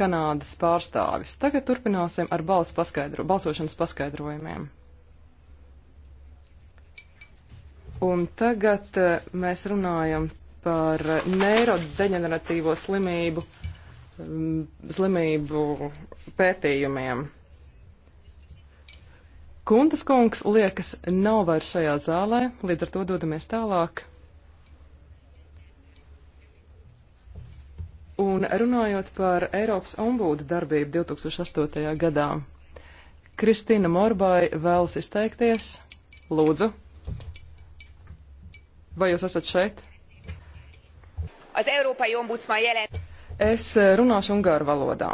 Kanādas pārstāvis. Tagad turpināsim ar paskaidro, balsošanas paskaidrojumiem. Un tagad eh, mēs runājam par neirodeģeneratīvo slimību, mm, slimību pētījumiem. Kuntas kungs liekas nav vairs šajā zālē, līdz ar to dodamies tālāk. Un runājot par Eiropas ombūda darbību 2008. gadā, Kristīna Morbai vēlas izteikties. Lūdzu. Vai jūs esat šeit? Az Európai Ombudsman jelent. Es eh, runāšu ungāru valodā.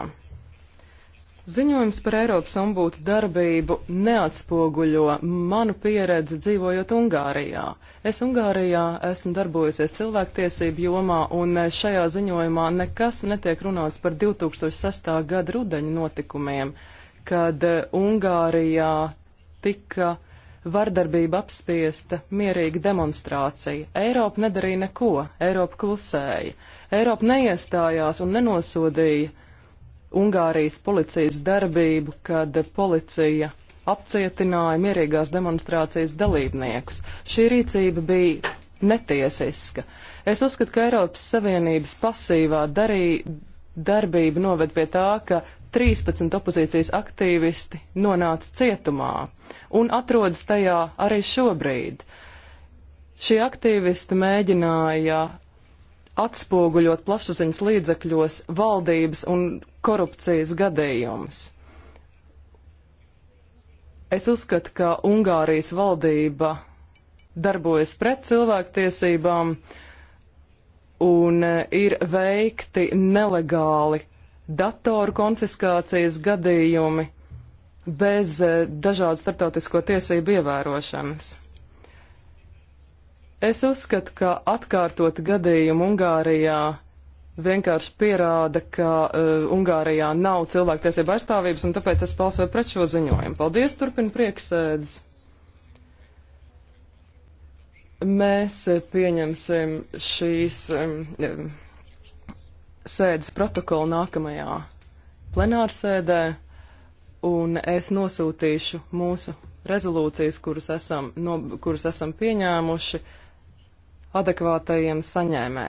Ziņojums par Eiropas ombūta darbību neatspoguļo manu pieredzi dzīvojot Ungārijā. Es Ungārijā esmu darbojusies cilvēktiesību jomā, un eh, šajā ziņojumā nekas netiek runāts par 2006. gada rudeņu notikumiem, kad eh, Ungārijā tika vardarbība apspiesta mierīga demonstrācija. Eiropa nedarīja neko, Eiropa klusēja, Eiropa neiestājās un nenosodīja Ungārijas policijas darbību, kad policija apcietināja mierīgās demonstrācijas dalībniekus. Šī rīcība bija netiesiska. Es uzskatu, ka Eiropas Savienības pasīvā darī, darbība noved pie tā, ka 13 opozīcijas aktīvisti nonāca cietumā un atrodas tajā arī šobrīd. Šie aktīvisti mēģināja atspoguļot plašsaziņas līdzekļos valdības un korupcijas gadījumus. Es uzskatu, ka Ungārijas valdība darbojas pret cilvēktiesībām un e, ir veikti nelegāli datoru konfiskācijas gadījumi bez e, dažādu starptautisko tiesību ievērošanas. Es uzskatu, ka atkārtot gadījumu Ungārijā vienkārši pierāda, ka uh, Ungārijā nav cilvēktiesība aizstāvības, un tāpēc es balsoju pret šo ziņojumu. Paldies, turpina prieksēdis. Mēs pieņemsim šīs um, um sēdes protokolu nākamajā plenārsēdē, un es nosūtīšu mūsu rezolūcijas, kuras esam, no, kuras esam pieņēmuši adekvātajiem saņēmējiem.